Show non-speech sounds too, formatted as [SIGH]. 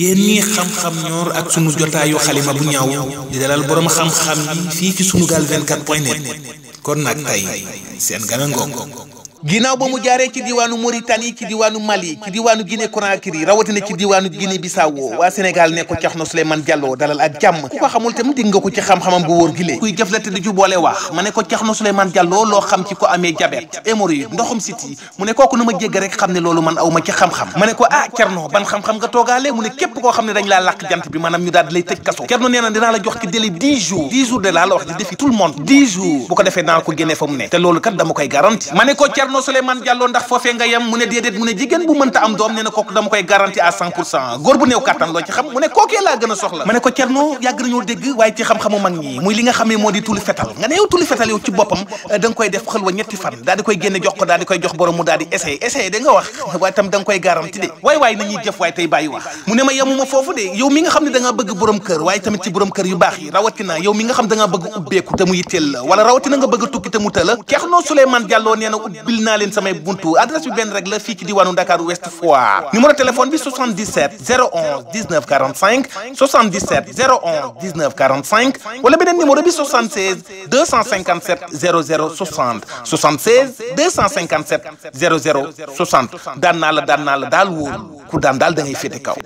yéen xam-xam ñor ak sunu jotaayu xalima bu ñaaw di dalal boroom xam-xam yi fii ci sunugal 24 point net kon nag tey seen gana ngoog ginnaaw ba mu jaaree ci diwaanu Mauritanie ci diwaanu Mali ci diwaanu rawatina ci diwaanu Guinée Bissau waa Sénégal ne ko Thierno Souleymane Diallo dalal ak jàmm ku ko xamul tam dégg nga ko ci xam-xamam bu wóor gi lee kuy jëflante di ju wax ma ne ko Thierno Souleymane Diallo loo xam ci ko amee diabète hémorroïde ndoxum siti mu ne kooku nu ma jégg rek xam ne loolu man aw ma ci xam-xam ma ne ko ah Thierno ban xam-xam nga toogaale mu ne képp koo xam ne dañ laa làkk jant bi maanaam ñu na dinaa la jox ci délai 10 jours 10 ko defee naa ko Euh, nga koy garanti à [LAUGHS] waaye wa waaye nañuy jëf waaye tey bàyyi wax mu ne ma yemuma foofu de yow mi nga xam ne da bëgg borom kër waaye tamit ci borom kër yu baax yi rawatina yow mi nga xam da bëgg ubbeeku te mu yitteel la wala rawatina nga bëgg tukki te mu tëla Thierno Souleymane Diallo nee na ubbil ubbil naa leen samay buntu adresse bi benn rek la fii ci diwaanu Dakar Ouest Foire numéro téléphone bi 77 011 19 45 77 011 19 45 wala beneen numéro bi 76 257 00 60 76 257 00 60 daan naa la daan naa la daal wóolu ku daan daal da ngay féete kaw.